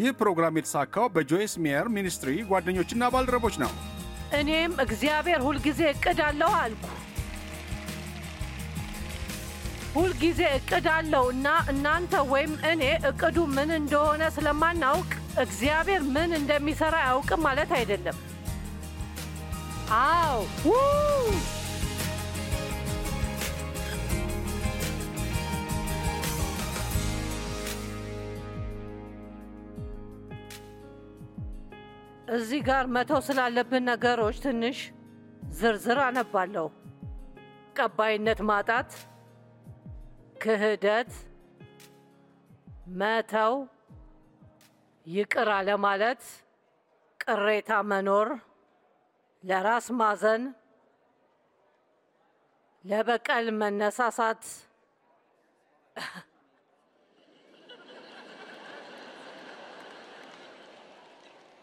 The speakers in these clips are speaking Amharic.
ይህ ፕሮግራም የተሳካው በጆይስ ሜየር ሚኒስትሪ ጓደኞችና ባልደረቦች ነው። እኔም እግዚአብሔር ሁልጊዜ እቅድ አለው አልኩ። ሁልጊዜ እቅድ አለው እና እናንተ ወይም እኔ እቅዱ ምን እንደሆነ ስለማናውቅ እግዚአብሔር ምን እንደሚሰራ አያውቅም ማለት አይደለም። አዎ እዚህ ጋር መተው ስላለብን ነገሮች ትንሽ ዝርዝር አነባለሁ። ቀባይነት ማጣት፣ ክህደት፣ መተው፣ ይቅር አለማለት፣ ቅሬታ መኖር፣ ለራስ ማዘን፣ ለበቀል መነሳሳት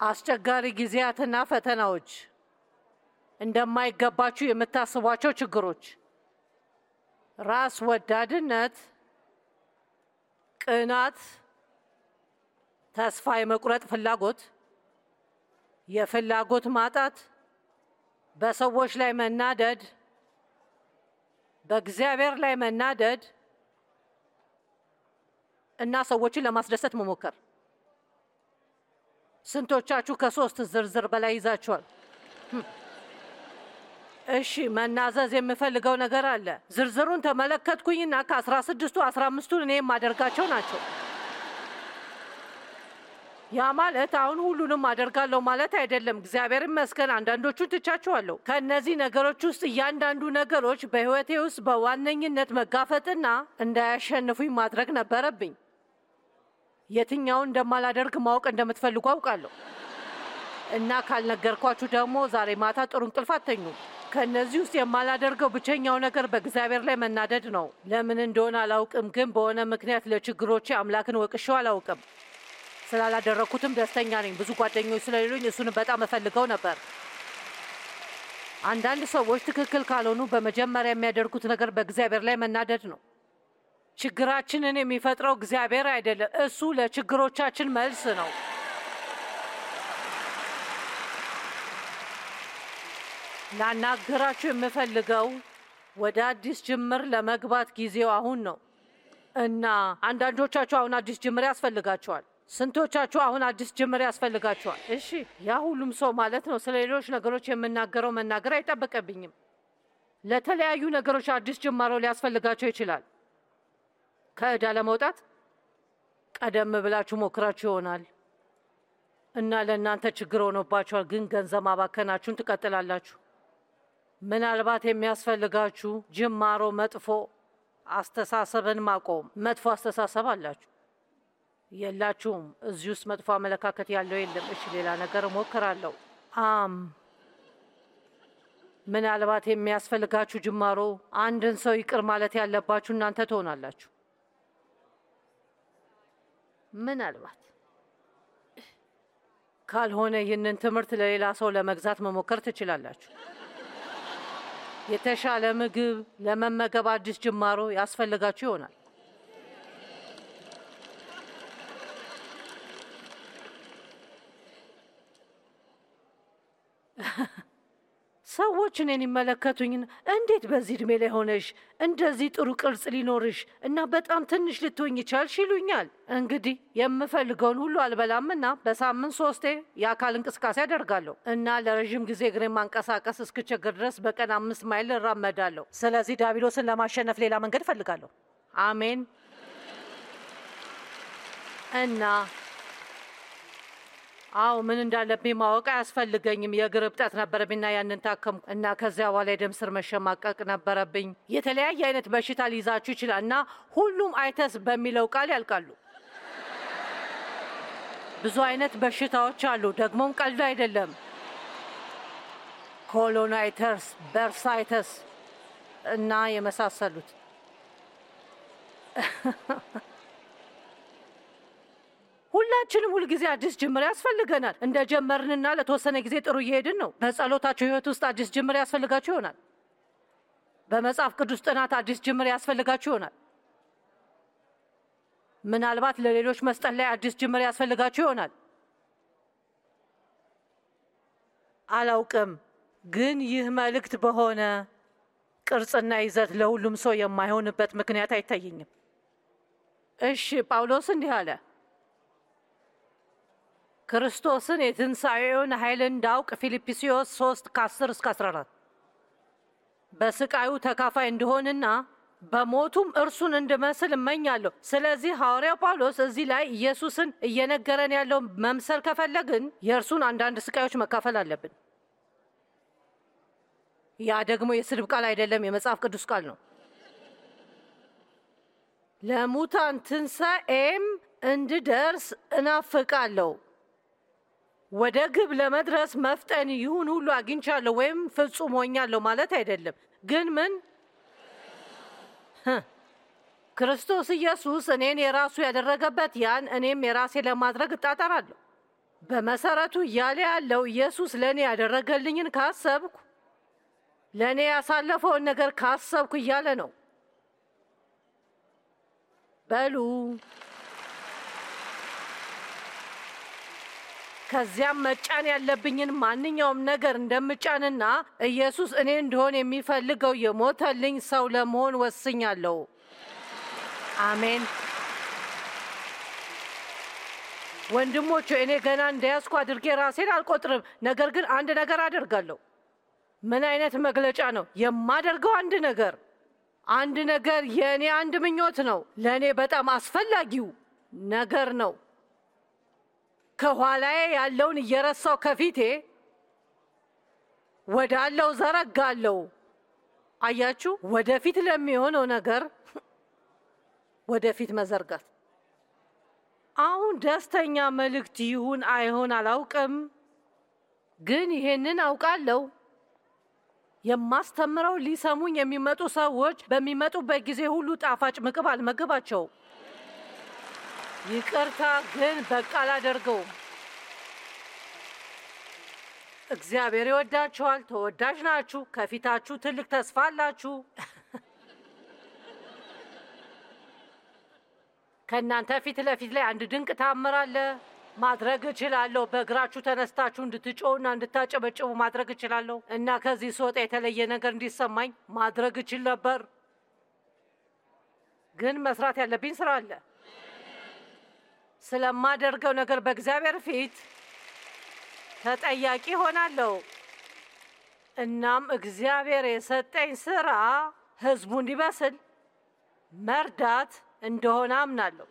አስቸጋሪ ጊዜያትና ፈተናዎች፣ እንደማይገባችሁ የምታስቧቸው ችግሮች፣ ራስ ወዳድነት፣ ቅናት፣ ተስፋ የመቁረጥ ፍላጎት፣ የፍላጎት ማጣት፣ በሰዎች ላይ መናደድ፣ በእግዚአብሔር ላይ መናደድ እና ሰዎችን ለማስደሰት መሞከር ስንቶቻችሁ ከሶስት ዝርዝር በላይ ይዛችኋል? Hm. እሺ፣ መናዘዝ የምፈልገው ነገር አለ። ዝርዝሩን ተመለከትኩኝና ከአስራ ስድስቱ አስራ አምስቱን እኔ የማደርጋቸው ናቸው። ያ ማለት አሁን ሁሉንም አደርጋለሁ ማለት አይደለም። እግዚአብሔር ይመስገን አንዳንዶቹን ትቻችኋለሁ። ከእነዚህ ነገሮች ውስጥ እያንዳንዱ ነገሮች በሕይወቴ ውስጥ በዋነኝነት መጋፈጥና እንዳያሸንፉኝ ማድረግ ነበረብኝ። የትኛውን እንደማላደርግ ማወቅ እንደምትፈልጉ አውቃለሁ እና ካልነገርኳችሁ ደግሞ ዛሬ ማታ ጥሩ እንቅልፍ አተኙም። ከእነዚህ ውስጥ የማላደርገው ብቸኛው ነገር በእግዚአብሔር ላይ መናደድ ነው። ለምን እንደሆነ አላውቅም፣ ግን በሆነ ምክንያት ለችግሮቼ አምላክን ወቅሼው አላውቅም። ስላላደረግኩትም ደስተኛ ነኝ። ብዙ ጓደኞች ስለሌሉኝ እሱን በጣም እፈልገው ነበር። አንዳንድ ሰዎች ትክክል ካልሆኑ በመጀመሪያ የሚያደርጉት ነገር በእግዚአብሔር ላይ መናደድ ነው። ችግራችንን የሚፈጥረው እግዚአብሔር አይደለም። እሱ ለችግሮቻችን መልስ ነው። ላናገራችሁ የምፈልገው ወደ አዲስ ጅምር ለመግባት ጊዜው አሁን ነው እና አንዳንዶቻችሁ አሁን አዲስ ጅምር ያስፈልጋቸዋል። ስንቶቻችሁ አሁን አዲስ ጅምር ያስፈልጋቸዋል? እሺ፣ ያ ሁሉም ሰው ማለት ነው። ስለ ሌሎች ነገሮች የምናገረው መናገር አይጠበቀብኝም። ለተለያዩ ነገሮች አዲስ ጅማሮ ሊያስፈልጋቸው ይችላል። ከእዳ ለመውጣት ቀደም ብላችሁ ሞክራችሁ ይሆናል እና ለእናንተ ችግር ሆኖባችኋል። ግን ገንዘብ ማባከናችሁን ትቀጥላላችሁ። ምናልባት የሚያስፈልጋችሁ ጅማሮ መጥፎ አስተሳሰብን ማቆም። መጥፎ አስተሳሰብ አላችሁ የላችሁም? እዚህ ውስጥ መጥፎ አመለካከት ያለው የለም። እሺ፣ ሌላ ነገር እሞክራለሁ። አም ምናልባት የሚያስፈልጋችሁ ጅማሮ፣ አንድን ሰው ይቅር ማለት ያለባችሁ እናንተ ትሆናላችሁ። ምናልባት ካልሆነ ይህንን ትምህርት ለሌላ ሰው ለመግዛት መሞከር ትችላላችሁ። የተሻለ ምግብ ለመመገብ አዲስ ጅማሮ ያስፈልጋችሁ ይሆናል። ሰዎች እኔን እንዴት በዚህ ዕድሜ ላይ ሆነሽ እንደዚህ ጥሩ ቅርጽ ሊኖርሽ እና በጣም ትንሽ ልትሆኝ ይቻልሽ ይሉኛል። እንግዲህ የምፈልገውን ሁሉ አልበላምና በሳምንት ሶስቴ የአካል እንቅስቃሴ አደርጋለሁ እና ለረዥም ጊዜ እግሬ ማንቀሳቀስ እስክቸግር ድረስ በቀን አምስት ማይል እራመዳለሁ። ስለዚህ ዳቢሎስን ለማሸነፍ ሌላ መንገድ እፈልጋለሁ። አሜን እና አዎ ምን እንዳለብኝ ማወቅ አያስፈልገኝም። የእግር እብጠት ነበረብኝና ያንን ታከምኩ እና ከዚያ በኋላ የደም ስር መሸማቀቅ ነበረብኝ። የተለያየ አይነት በሽታ ሊይዛችሁ ይችላል እና ሁሉም አይተስ በሚለው ቃል ያልቃሉ። ብዙ አይነት በሽታዎች አሉ። ደግሞም ቀልድ አይደለም። ኮሎናይተርስ፣ በርሳይተስ እና የመሳሰሉት ሁላችንም ሁልጊዜ አዲስ ጅምር ያስፈልገናል። እንደ ጀመርንና ለተወሰነ ጊዜ ጥሩ እየሄድን ነው። በጸሎታቸው ህይወት ውስጥ አዲስ ጅምር ያስፈልጋቸው ይሆናል። በመጽሐፍ ቅዱስ ጥናት አዲስ ጅምር ያስፈልጋቸው ይሆናል። ምናልባት ለሌሎች መስጠት ላይ አዲስ ጅምር ያስፈልጋቸው ይሆናል። አላውቅም፣ ግን ይህ መልእክት በሆነ ቅርጽና ይዘት ለሁሉም ሰው የማይሆንበት ምክንያት አይታየኝም። እሺ፣ ጳውሎስ እንዲህ አለ ክርስቶስን የትንሣኤውን ኃይል እንዳውቅ ፊልጵስዩስ 3 ከ10 እስከ 14 በስቃዩ ተካፋይ እንደሆንና በሞቱም እርሱን እንድመስል እመኛለሁ። ስለዚህ ሐዋርያው ጳውሎስ እዚህ ላይ ኢየሱስን እየነገረን ያለው መምሰል ከፈለግን የእርሱን አንዳንድ ስቃዮች መካፈል አለብን። ያ ደግሞ የስድብ ቃል አይደለም፣ የመጽሐፍ ቅዱስ ቃል ነው። ለሙታን ትንሣኤም እንድደርስ እናፍቃለሁ። ወደ ግብ ለመድረስ መፍጠን ይሁን ሁሉ አግኝቻለሁ ወይም ፍጹም ሆኛለሁ ማለት አይደለም። ግን ምን ክርስቶስ ኢየሱስ እኔን የራሱ ያደረገበት ያን እኔም የራሴ ለማድረግ እጣጠራለሁ። በመሰረቱ እያለ ያለው ኢየሱስ ለእኔ ያደረገልኝን ካሰብኩ፣ ለእኔ ያሳለፈውን ነገር ካሰብኩ እያለ ነው። በሉ ከዚያም መጫን ያለብኝን ማንኛውም ነገር እንደምጫንና ኢየሱስ እኔ እንደሆን የሚፈልገው የሞተልኝ ሰው ለመሆን ወስኛለሁ። አሜን። ወንድሞቹ እኔ ገና እንደያዝኩ አድርጌ ራሴን አልቆጥርም፣ ነገር ግን አንድ ነገር አደርጋለሁ። ምን አይነት መግለጫ ነው? የማደርገው አንድ ነገር አንድ ነገር የእኔ አንድ ምኞት ነው። ለእኔ በጣም አስፈላጊው ነገር ነው። ከኋላዬ ያለውን እየረሳው ከፊቴ ወዳለው ዘረጋለው። አያችሁ፣ ወደፊት ለሚሆነው ነገር ወደፊት መዘርጋት። አሁን ደስተኛ መልእክት ይሁን አይሆን አላውቅም፣ ግን ይሄንን አውቃለሁ የማስተምረው ሊሰሙኝ የሚመጡ ሰዎች በሚመጡበት ጊዜ ሁሉ ጣፋጭ ምግብ አልመግባቸው። ይቅርታ ግን በቃ አላደርገውም። እግዚአብሔር ይወዳችኋል። ተወዳጅ ናችሁ። ከፊታችሁ ትልቅ ተስፋ አላችሁ። ከእናንተ ፊት ለፊት ላይ አንድ ድንቅ ታምር አለ። ማድረግ እችላለሁ። በእግራችሁ ተነስታችሁ እንድትጮውና እንድታጨበጭቡ ማድረግ እችላለሁ እና ከዚህ ስወጣ የተለየ ነገር እንዲሰማኝ ማድረግ እችል ነበር፣ ግን መስራት ያለብኝ ስራ አለ። ስለማደርገው ነገር በእግዚአብሔር ፊት ተጠያቂ ሆናለሁ። እናም እግዚአብሔር የሰጠኝ ስራ ህዝቡ እንዲበስል መርዳት እንደሆነ አምናለሁ።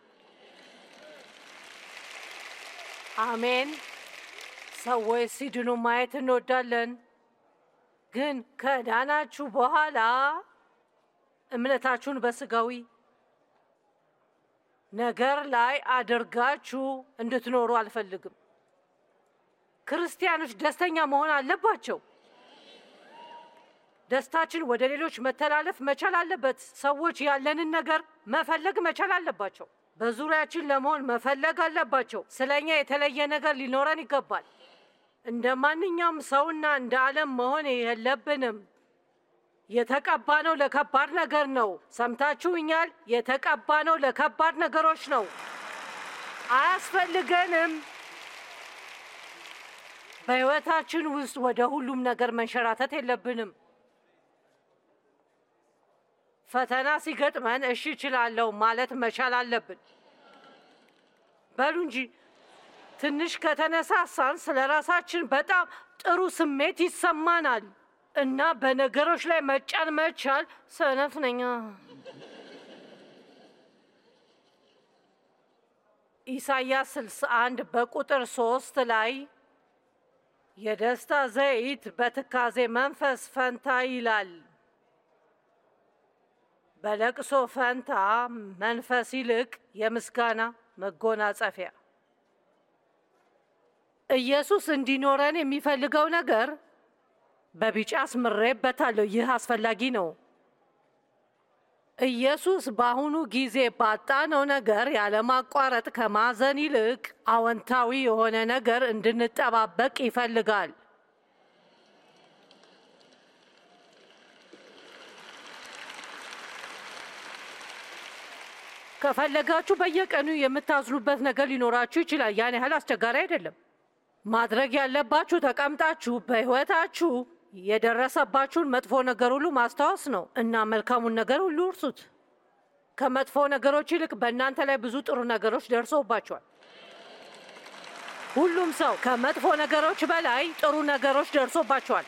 አሜን። ሰዎች ሲድኑ ማየት እንወዳለን፣ ግን ከዳናችሁ በኋላ እምነታችሁን በስጋዊ ነገር ላይ አድርጋችሁ እንድትኖሩ አልፈልግም። ክርስቲያኖች ደስተኛ መሆን አለባቸው። ደስታችን ወደ ሌሎች መተላለፍ መቻል አለበት። ሰዎች ያለንን ነገር መፈለግ መቻል አለባቸው። በዙሪያችን ለመሆን መፈለግ አለባቸው። ስለኛ የተለየ ነገር ሊኖረን ይገባል። እንደ ማንኛውም ሰውና እንደ ዓለም መሆን የለብንም። የተቀባ ነው ለከባድ ነገር ነው። ሰምታችሁኛል? የተቀባ ነው ለከባድ ነገሮች ነው። አያስፈልገንም። በሕይወታችን ውስጥ ወደ ሁሉም ነገር መንሸራተት የለብንም። ፈተና ሲገጥመን እሺ እችላለሁ ማለት መቻል አለብን። በሉ እንጂ ትንሽ ከተነሳሳን ስለ ራሳችን በጣም ጥሩ ስሜት ይሰማናል። እና በነገሮች ላይ መጫን መቻል ሰነፍ ነኝ። ኢሳያስ 61 በቁጥር ሶስት ላይ የደስታ ዘይት በትካዜ መንፈስ ፈንታ ይላል። በለቅሶ ፈንታ መንፈስ ይልቅ የምስጋና መጎናጸፊያ። ኢየሱስ እንዲኖረን የሚፈልገው ነገር በቢጫ አስምሬበታለሁ። ይህ አስፈላጊ ነው። ኢየሱስ በአሁኑ ጊዜ ባጣነው ነገር ያለማቋረጥ ከማዘን ይልቅ አዎንታዊ የሆነ ነገር እንድንጠባበቅ ይፈልጋል። ከፈለጋችሁ በየቀኑ የምታዝኑበት ነገር ሊኖራችሁ ይችላል። ያን ያህል አስቸጋሪ አይደለም። ማድረግ ያለባችሁ ተቀምጣችሁ በሕይወታችሁ የደረሰባችሁን መጥፎ ነገር ሁሉ ማስታወስ ነው እና መልካሙን ነገር ሁሉ እርሱት። ከመጥፎ ነገሮች ይልቅ በእናንተ ላይ ብዙ ጥሩ ነገሮች ደርሶባቸዋል። ሁሉም ሰው ከመጥፎ ነገሮች በላይ ጥሩ ነገሮች ደርሶባቸዋል።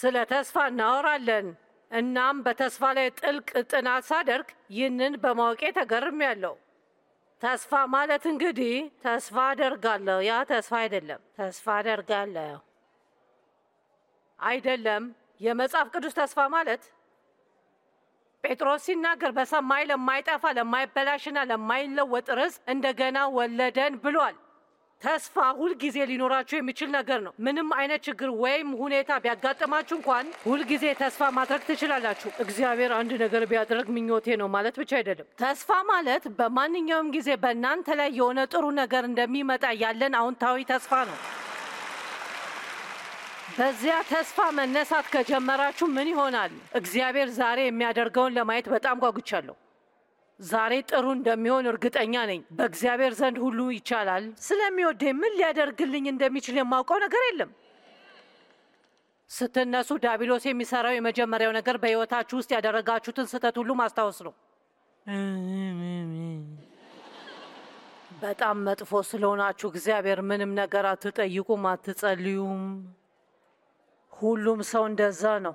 ስለ ተስፋ እናወራለን። እናም በተስፋ ላይ ጥልቅ ጥናት ሳደርግ ይህንን በማወቄ ተገርሜያለሁ። ተስፋ ማለት እንግዲህ ተስፋ አደርጋለሁ። ያ ተስፋ አይደለም። ተስፋ አደርጋለሁ አይደለም። የመጽሐፍ ቅዱስ ተስፋ ማለት ጴጥሮስ ሲናገር በሰማይ ለማይጠፋ ለማይበላሽና ለማይለወጥ ርስት እንደገና ወለደን ብሏል። ተስፋ ሁልጊዜ ሊኖራችሁ የሚችል ነገር ነው። ምንም አይነት ችግር ወይም ሁኔታ ቢያጋጥማችሁ እንኳን ሁልጊዜ ተስፋ ማድረግ ትችላላችሁ። እግዚአብሔር አንድ ነገር ቢያደርግ ምኞቴ ነው ማለት ብቻ አይደለም። ተስፋ ማለት በማንኛውም ጊዜ በእናንተ ላይ የሆነ ጥሩ ነገር እንደሚመጣ ያለን አዎንታዊ ተስፋ ነው። በዚያ ተስፋ መነሳት ከጀመራችሁ ምን ይሆናል? እግዚአብሔር ዛሬ የሚያደርገውን ለማየት በጣም ጓጉቻለሁ። ዛሬ ጥሩ እንደሚሆን እርግጠኛ ነኝ። በእግዚአብሔር ዘንድ ሁሉ ይቻላል። ስለሚወደኝ ምን ሊያደርግልኝ እንደሚችል የማውቀው ነገር የለም። ስትነሱ ዳቢሎስ የሚሰራው የመጀመሪያው ነገር በሕይወታችሁ ውስጥ ያደረጋችሁትን ስህተት ሁሉ ማስታወስ ነው። በጣም መጥፎ ስለሆናችሁ እግዚአብሔር ምንም ነገር አትጠይቁም፣ አትጸልዩም። ሁሉም ሰው እንደዛ ነው።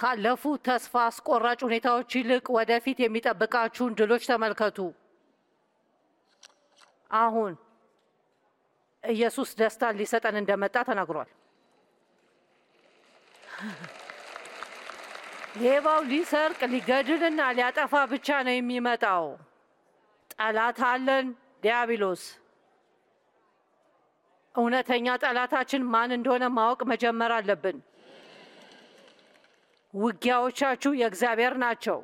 ካለፉት ተስፋ አስቆራጭ ሁኔታዎች ይልቅ ወደፊት የሚጠብቃችሁን ድሎች ተመልከቱ። አሁን ኢየሱስ ደስታን ሊሰጠን እንደመጣ ተናግሯል። ሌባው ሊሰርቅ ሊገድልና ሊያጠፋ ብቻ ነው የሚመጣው። ጠላት አለን፣ ዲያብሎስ። እውነተኛ ጠላታችን ማን እንደሆነ ማወቅ መጀመር አለብን። ውጊያዎቻችሁ የእግዚአብሔር ናቸው።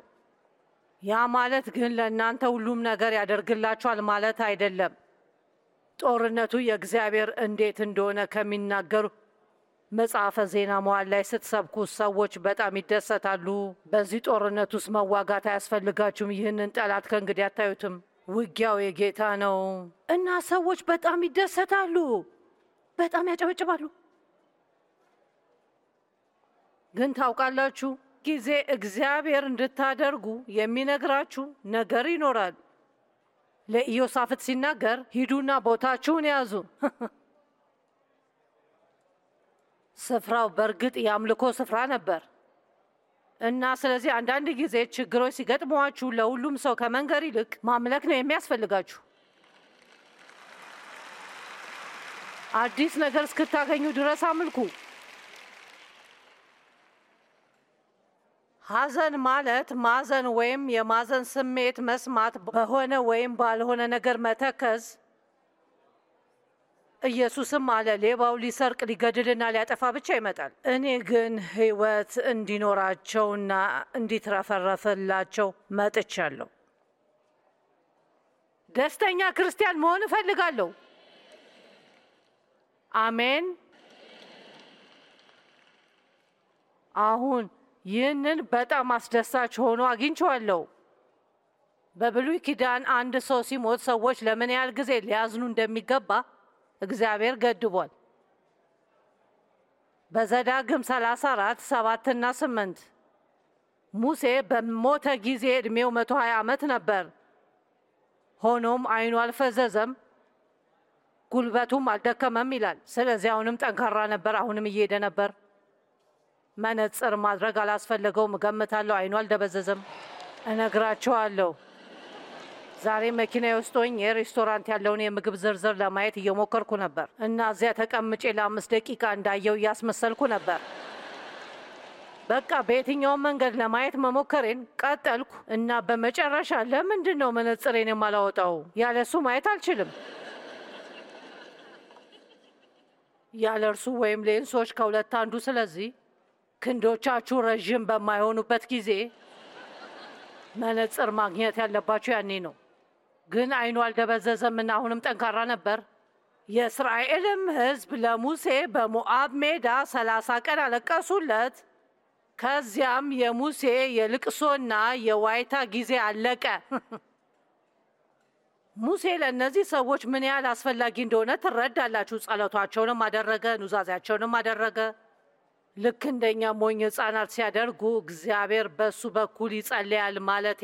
ያ ማለት ግን ለእናንተ ሁሉም ነገር ያደርግላችኋል ማለት አይደለም። ጦርነቱ የእግዚአብሔር እንዴት እንደሆነ ከሚናገሩ መጽሐፈ ዜና መዋል ላይ ስትሰብኩ ሰዎች በጣም ይደሰታሉ። በዚህ ጦርነት ውስጥ መዋጋት አያስፈልጋችሁም። ይህንን ጠላት ከእንግዲህ አታዩትም። ውጊያው የጌታ ነው እና ሰዎች በጣም ይደሰታሉ፣ በጣም ያጨበጭባሉ። ግን ታውቃላችሁ ጊዜ እግዚአብሔር እንድታደርጉ የሚነግራችሁ ነገር ይኖራል። ለኢዮሳፍት ሲናገር ሂዱና ቦታችሁን ያዙ። ስፍራው በእርግጥ የአምልኮ ስፍራ ነበር እና ስለዚህ አንዳንድ ጊዜ ችግሮች ሲገጥሟችሁ ለሁሉም ሰው ከመንገር ይልቅ ማምለክ ነው የሚያስፈልጋችሁ። አዲስ ነገር እስክታገኙ ድረስ አምልኩ። ሐዘን ማለት ማዘን ወይም የማዘን ስሜት መስማት በሆነ ወይም ባልሆነ ነገር መተከዝ። ኢየሱስም አለ ሌባው ሊሰርቅ ሊገድልና ሊያጠፋ ብቻ ይመጣል፣ እኔ ግን ሕይወት እንዲኖራቸውና እንዲትረፈረፍላቸው መጥቻለሁ። ደስተኛ ክርስቲያን መሆን እፈልጋለሁ። አሜን። አሁን ይህንን በጣም አስደሳች ሆኖ አግኝቼዋለሁ። በብሉይ ኪዳን አንድ ሰው ሲሞት ሰዎች ለምን ያህል ጊዜ ሊያዝኑ እንደሚገባ እግዚአብሔር ገድቧል። በዘዳግም 34 7ና 8 ሙሴ በሞተ ጊዜ ዕድሜው 120 ዓመት ነበር። ሆኖም ዓይኑ አልፈዘዘም፣ ጉልበቱም አልደከመም ይላል። ስለዚህ አሁንም ጠንካራ ነበር። አሁንም እየሄደ ነበር። መነጽር ማድረግ አላስፈለገውም እገምታለሁ። አይኑ አልደበዘዘም፣ እነግራቸዋለሁ። ዛሬ መኪና ውስጥ ሆኜ ሬስቶራንት ያለውን የምግብ ዝርዝር ለማየት እየሞከርኩ ነበር እና እዚያ ተቀምጬ ለአምስት ደቂቃ እንዳየው እያስመሰልኩ ነበር። በቃ በየትኛውም መንገድ ለማየት መሞከሬን ቀጠልኩ እና በመጨረሻ ለምንድን ነው መነጽሬን የማላወጣው? ያለሱ ማየት አልችልም። ያለ እርሱ ወይም ሌንሶች ከሁለት አንዱ። ስለዚህ ክንዶቻችሁ ረዥም በማይሆኑበት ጊዜ መነጽር ማግኘት ያለባችሁ ያኔ ነው። ግን አይኑ አልደበዘዘም እና አሁንም ጠንካራ ነበር። የእስራኤልም ሕዝብ ለሙሴ በሞአብ ሜዳ ሰላሳ ቀን አለቀሱለት። ከዚያም የሙሴ የልቅሶና የዋይታ ጊዜ አለቀ። ሙሴ ለእነዚህ ሰዎች ምን ያህል አስፈላጊ እንደሆነ ትረዳላችሁ። ጸለቷቸውንም አደረገ፣ ኑዛዜያቸውንም አደረገ። ልክ እንደኛ ሞኝ ህፃናት ሲያደርጉ እግዚአብሔር በእሱ በኩል ይጸልያል። ማለቴ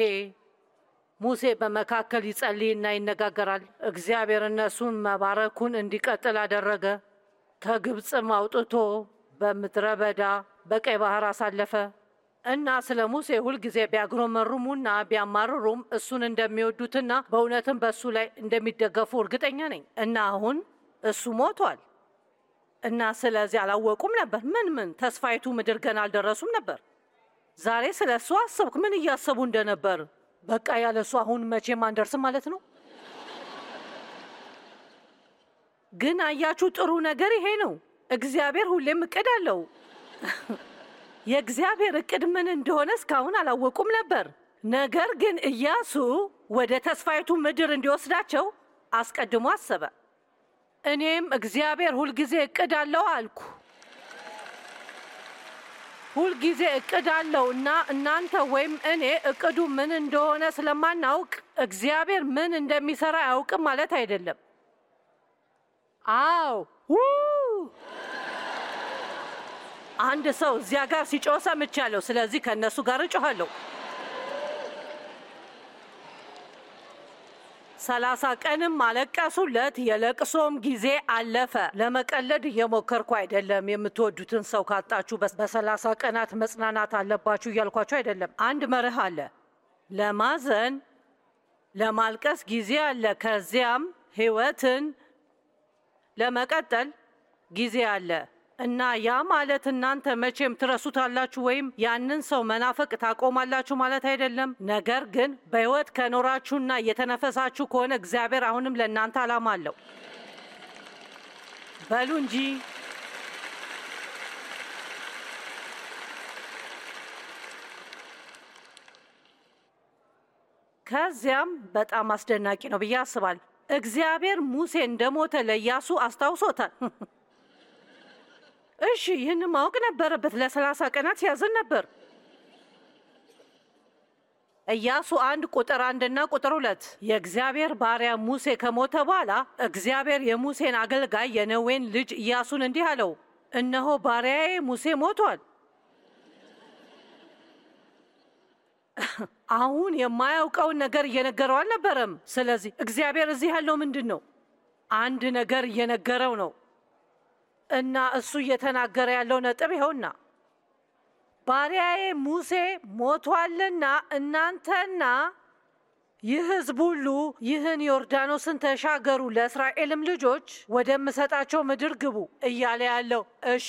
ሙሴ በመካከል ይጸልይና ይነጋገራል። እግዚአብሔር እነሱን መባረኩን እንዲቀጥል አደረገ። ከግብፅም አውጥቶ በምድረ በዳ በቀይ ባህር አሳለፈ እና ስለ ሙሴ ሁልጊዜ ቢያግሮመሩሙና ቢያማርሩም እሱን እንደሚወዱትና በእውነትም በእሱ ላይ እንደሚደገፉ እርግጠኛ ነኝ እና አሁን እሱ ሞቷል። እና ስለዚህ አላወቁም ነበር። ምን ምን ተስፋይቱ ምድር ገና አልደረሱም ነበር። ዛሬ ስለ እሱ አሰብክ። ምን እያሰቡ እንደነበር በቃ ያለ እሱ አሁን መቼም አንደርስም ማለት ነው። ግን አያችሁ ጥሩ ነገር ይሄ ነው። እግዚአብሔር ሁሌም እቅድ አለው። የእግዚአብሔር እቅድ ምን እንደሆነ እስካሁን አላወቁም ነበር። ነገር ግን ኢያሱ ወደ ተስፋይቱ ምድር እንዲወስዳቸው አስቀድሞ አሰበ። እኔም እግዚአብሔር ሁልጊዜ እቅድ አለው አልኩ። ሁልጊዜ እቅድ አለው እና እናንተ ወይም እኔ እቅዱ ምን እንደሆነ ስለማናውቅ እግዚአብሔር ምን እንደሚሰራ አያውቅም ማለት አይደለም። አዎ አንድ ሰው እዚያ ጋር ሲጮህ ሰምቻለሁ። ስለዚህ ከእነሱ ጋር እጮኋለሁ። ሰላሳ ቀንም አለቀሱለት። የለቅሶም ጊዜ አለፈ። ለመቀለድ እየሞከርኩ አይደለም። የምትወዱትን ሰው ካጣችሁ በሰላሳ ቀናት መጽናናት አለባችሁ እያልኳቸው አይደለም። አንድ መርህ አለ። ለማዘን ለማልቀስ ጊዜ አለ። ከዚያም ህይወትን ለመቀጠል ጊዜ አለ። እና ያ ማለት እናንተ መቼም ትረሱታላችሁ ወይም ያንን ሰው መናፈቅ ታቆማላችሁ ማለት አይደለም። ነገር ግን በሕይወት ከኖራችሁና እየተነፈሳችሁ ከሆነ እግዚአብሔር አሁንም ለእናንተ ዓላማ አለው። በሉ እንጂ ከዚያም በጣም አስደናቂ ነው ብዬ አስባል። እግዚአብሔር ሙሴ እንደሞተ ለኢያሱ አስታውሶታል። እሺ፣ ይህን ማወቅ ነበረበት። ለሰላሳ ቀናት ሲያዝን ነበር። እያሱ አንድ ቁጥር አንድና ቁጥር ሁለት የእግዚአብሔር ባሪያ ሙሴ ከሞተ በኋላ እግዚአብሔር የሙሴን አገልጋይ የነዌን ልጅ እያሱን እንዲህ አለው፣ እነሆ ባሪያዬ ሙሴ ሞቷል። አሁን የማያውቀውን ነገር እየነገረው አልነበረም። ስለዚህ እግዚአብሔር እዚህ ያለው ምንድን ነው? አንድ ነገር እየነገረው ነው። እና እሱ እየተናገረ ያለው ነጥብ ይኸውና ባሪያዬ ሙሴ ሞቷልና እናንተና ይህ ህዝብ ሁሉ ይህን ዮርዳኖስን ተሻገሩ፣ ለእስራኤልም ልጆች ወደምሰጣቸው ምድር ግቡ እያለ ያለው እሺ፣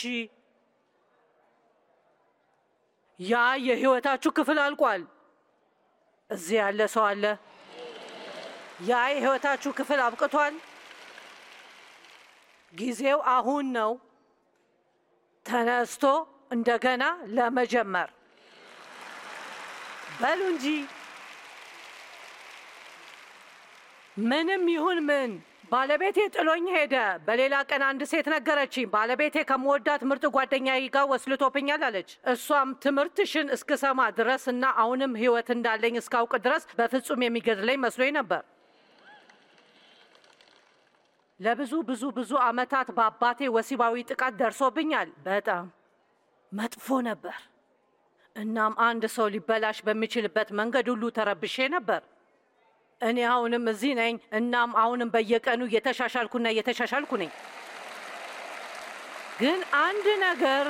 ያ የህይወታችሁ ክፍል አልቋል። እዚህ ያለ ሰው አለ? ያ የህይወታችሁ ክፍል አብቅቷል? ጊዜው አሁን ነው ተነስቶ እንደገና ለመጀመር በሉ እንጂ። ምንም ይሁን ምን ባለቤቴ ጥሎኝ ሄደ። በሌላ ቀን አንድ ሴት ነገረችኝ። ባለቤቴ ከመወዳት ምርጥ ጓደኛ ጋር ወስልቶብኛል አለች። እሷም ትምህርትሽን እስክሰማ ድረስ እና አሁንም ህይወት እንዳለኝ እስካውቅ ድረስ በፍጹም የሚገድለኝ መስሎኝ ነበር። ለብዙ ብዙ ብዙ አመታት በአባቴ ወሲባዊ ጥቃት ደርሶብኛል። በጣም መጥፎ ነበር። እናም አንድ ሰው ሊበላሽ በሚችልበት መንገድ ሁሉ ተረብሼ ነበር። እኔ አሁንም እዚህ ነኝ። እናም አሁንም በየቀኑ እየተሻሻልኩና እየተሻሻልኩ ነኝ። ግን አንድ ነገር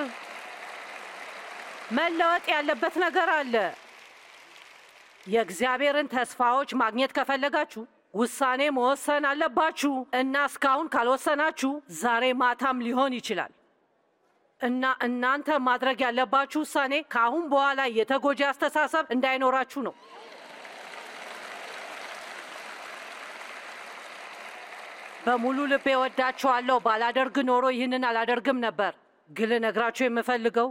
መለወጥ ያለበት ነገር አለ። የእግዚአብሔርን ተስፋዎች ማግኘት ከፈለጋችሁ ውሳኔ መወሰን አለባችሁ እና እስካሁን ካልወሰናችሁ ዛሬ ማታም ሊሆን ይችላል እና እናንተ ማድረግ ያለባችሁ ውሳኔ ከአሁን በኋላ የተጎጂ አስተሳሰብ እንዳይኖራችሁ ነው። በሙሉ ልቤ ወዳችኋለሁ። ባላደርግ ኖሮ ይህንን አላደርግም ነበር። ግል ነግራችሁ የምፈልገው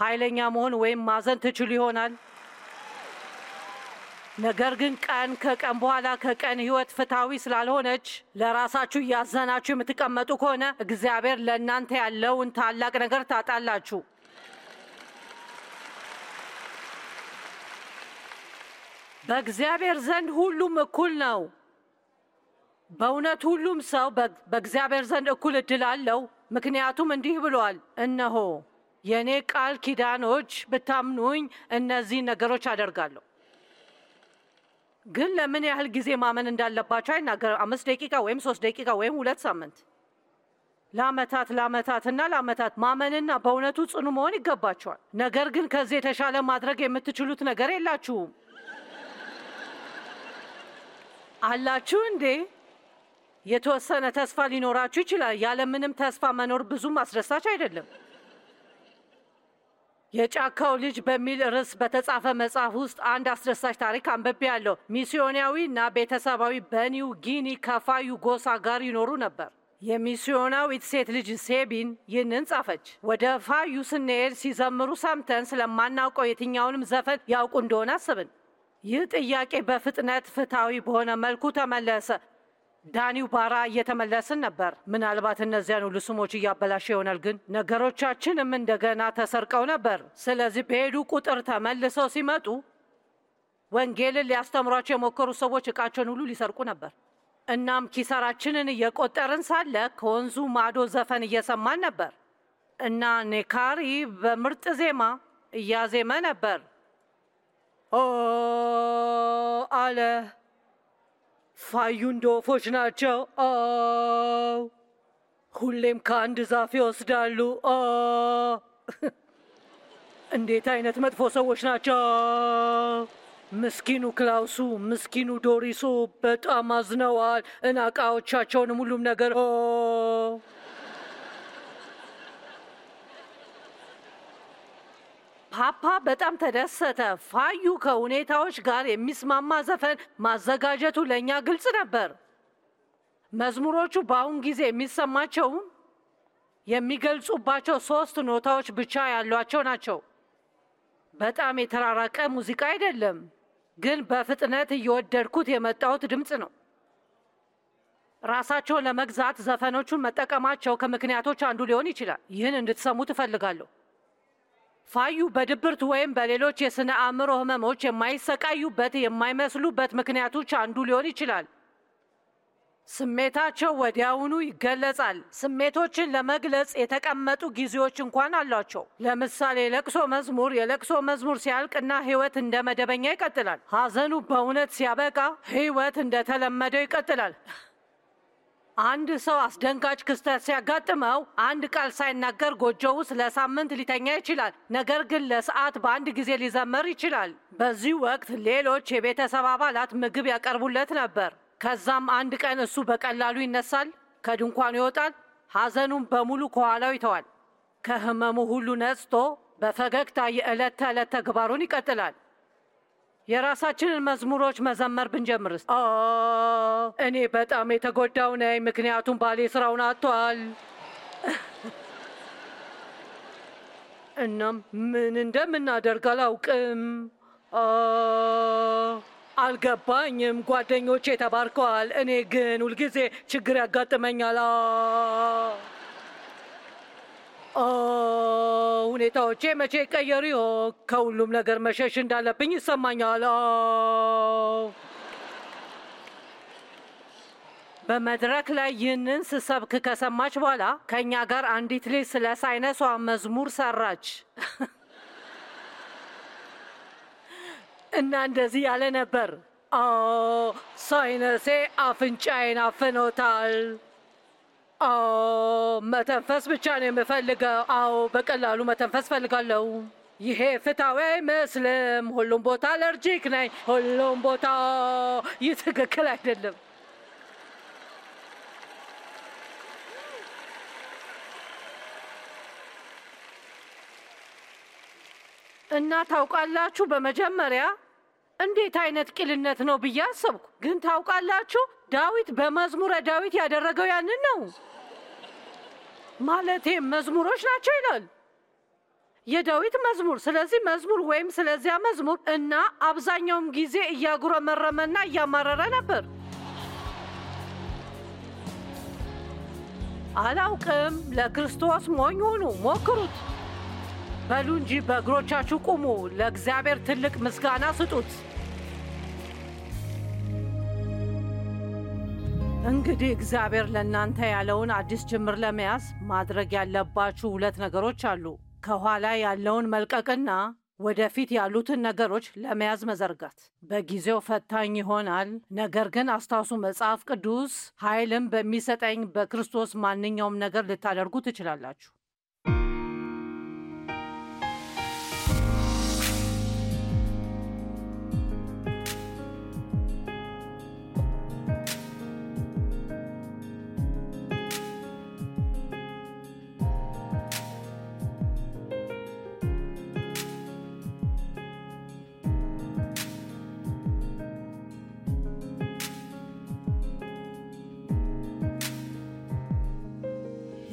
ኃይለኛ መሆን ወይም ማዘን ትችሉ ይሆናል ነገር ግን ቀን ከቀን በኋላ ከቀን ህይወት ፍትሐዊ ስላልሆነች ለራሳችሁ እያዘናችሁ የምትቀመጡ ከሆነ እግዚአብሔር ለእናንተ ያለውን ታላቅ ነገር ታጣላችሁ። በእግዚአብሔር ዘንድ ሁሉም እኩል ነው። በእውነት ሁሉም ሰው በእግዚአብሔር ዘንድ እኩል እድል አለው። ምክንያቱም እንዲህ ብሏል፣ እነሆ የእኔ ቃል ኪዳኖች ብታምኑኝ እነዚህን ነገሮች አደርጋለሁ ግን ለምን ያህል ጊዜ ማመን እንዳለባቸው አይናገርም። አምስት ደቂቃ ወይም ሶስት ደቂቃ ወይም ሁለት ሳምንት፣ ለአመታት ለአመታት እና ለአመታት ማመንና በእውነቱ ጽኑ መሆን ይገባቸዋል። ነገር ግን ከዚህ የተሻለ ማድረግ የምትችሉት ነገር የላችሁም አላችሁ እንዴ? የተወሰነ ተስፋ ሊኖራችሁ ይችላል። ያለምንም ተስፋ መኖር ብዙም አስደሳች አይደለም። የጫካው ልጅ በሚል ርዕስ በተጻፈ መጽሐፍ ውስጥ አንድ አስደሳች ታሪክ አንበቤ ያለው ሚስዮናዊና ቤተሰባዊ በኒው ጊኒ ከፋዩ ጎሳ ጋር ይኖሩ ነበር። የሚስዮናዊት ሴት ልጅ ሴቢን ይህንን ጻፈች። ወደ ፋዩ ስንሄድ ሲዘምሩ ሰምተን ስለማናውቀው የትኛውንም ዘፈን ያውቁ እንደሆነ አስብን። ይህ ጥያቄ በፍጥነት ፍትሐዊ በሆነ መልኩ ተመለሰ። ዳኒው ባራ እየተመለስን ነበር። ምናልባት እነዚያን ሁሉ ስሞች እያበላሸ ይሆናል፣ ግን ነገሮቻችንም እንደገና ተሰርቀው ነበር። ስለዚህ በሄዱ ቁጥር ተመልሰው ሲመጡ ወንጌልን ሊያስተምሯቸው የሞከሩ ሰዎች እቃቸውን ሁሉ ሊሰርቁ ነበር። እናም ኪሰራችንን እየቆጠርን ሳለ ከወንዙ ማዶ ዘፈን እየሰማን ነበር እና ኔካሪ በምርጥ ዜማ እያዜመ ነበር ኦ አለ እንደ ወፎች ናቸው። ሁሌም ከአንድ ዛፍ ይወስዳሉ። እንዴት አይነት መጥፎ ሰዎች ናቸው! ምስኪኑ ክላውሱ፣ ምስኪኑ ዶሪሱ በጣም አዝነዋል። እና እቃዎቻቸውንም ሁሉም ነገር ፓፓ በጣም ተደሰተ። ፋዩ ከሁኔታዎች ጋር የሚስማማ ዘፈን ማዘጋጀቱ ለእኛ ግልጽ ነበር። መዝሙሮቹ በአሁን ጊዜ የሚሰማቸውም የሚገልጹባቸው ሶስት ኖታዎች ብቻ ያሏቸው ናቸው። በጣም የተራራቀ ሙዚቃ አይደለም፣ ግን በፍጥነት እየወደድኩት የመጣሁት ድምፅ ነው። ራሳቸውን ለመግዛት ዘፈኖቹን መጠቀማቸው ከምክንያቶች አንዱ ሊሆን ይችላል። ይህን እንድትሰሙ ትፈልጋለሁ። ፋዩ በድብርት ወይም በሌሎች የስነ አእምሮ ህመሞች የማይሰቃዩበት የማይመስሉበት ምክንያቶች አንዱ ሊሆን ይችላል። ስሜታቸው ወዲያውኑ ይገለጻል። ስሜቶችን ለመግለጽ የተቀመጡ ጊዜዎች እንኳን አሏቸው። ለምሳሌ የለቅሶ መዝሙር የለቅሶ መዝሙር ሲያልቅና ህይወት እንደ መደበኛ ይቀጥላል። ሀዘኑ በእውነት ሲያበቃ ህይወት እንደተለመደው ይቀጥላል። አንድ ሰው አስደንጋጭ ክስተት ሲያጋጥመው አንድ ቃል ሳይናገር ጎጆ ውስጥ ለሳምንት ሊተኛ ይችላል። ነገር ግን ለሰዓት በአንድ ጊዜ ሊዘመር ይችላል። በዚህ ወቅት ሌሎች የቤተሰብ አባላት ምግብ ያቀርቡለት ነበር። ከዛም አንድ ቀን እሱ በቀላሉ ይነሳል፣ ከድንኳኑ ይወጣል፣ ሐዘኑን በሙሉ ከኋላው ይተዋል። ከህመሙ ሁሉ ነጽቶ በፈገግታ የዕለት ተዕለት ተግባሩን ይቀጥላል። የራሳችንን መዝሙሮች መዘመር ብንጀምርስ? እኔ በጣም የተጎዳው ነኝ፣ ምክንያቱም ባሌ ስራውን አጥቷል። እናም ምን እንደምናደርግ አላውቅም። አልገባኝም። ጓደኞቼ ተባርከዋል፣ እኔ ግን ሁልጊዜ ችግር ያጋጥመኛል። ሁኔታዎቼ መቼ ቀየሪ ከሁሉም ነገር መሸሽ እንዳለብኝ ይሰማኛል። በመድረክ ላይ ይህንን ስሰብክ ከሰማች በኋላ ከእኛ ጋር አንዲት ልጅ ስለ ሳይነሷ መዝሙር ሰራች እና እንደዚህ ያለ ነበር። ሳይነሴ አፍንጫዬን አፍኖታል። መተንፈስ ብቻ ነው የምፈልገው። አዎ በቀላሉ መተንፈስ ፈልጋለሁ። ይሄ ፍትሐዊ አይመስልም። ሁሉም ቦታ አለርጂክ ነኝ። ሁሉም ቦታ ይህ ትክክል አይደለም። እና ታውቃላችሁ በመጀመሪያ እንዴት አይነት ቂልነት ነው ብዬ አሰብኩ። ግን ታውቃላችሁ ዳዊት በመዝሙረ ዳዊት ያደረገው ያንን ነው። ማለቴ መዝሙሮች ናቸው ይላል የዳዊት መዝሙር። ስለዚህ መዝሙር ወይም ስለዚያ መዝሙር እና አብዛኛውም ጊዜ እያጉረመረመና እያማረረ ነበር። አላውቅም። ለክርስቶስ ሞኝ ሁኑ፣ ሞክሩት በሉ እንጂ በእግሮቻችሁ ቁሙ። ለእግዚአብሔር ትልቅ ምስጋና ስጡት። እንግዲህ እግዚአብሔር ለእናንተ ያለውን አዲስ ጅምር ለመያዝ ማድረግ ያለባችሁ ሁለት ነገሮች አሉ። ከኋላ ያለውን መልቀቅና ወደፊት ያሉትን ነገሮች ለመያዝ መዘርጋት። በጊዜው ፈታኝ ይሆናል። ነገር ግን አስታውሱ፣ መጽሐፍ ቅዱስ ኃይልም በሚሰጠኝ በክርስቶስ ማንኛውም ነገር ልታደርጉ ትችላላችሁ።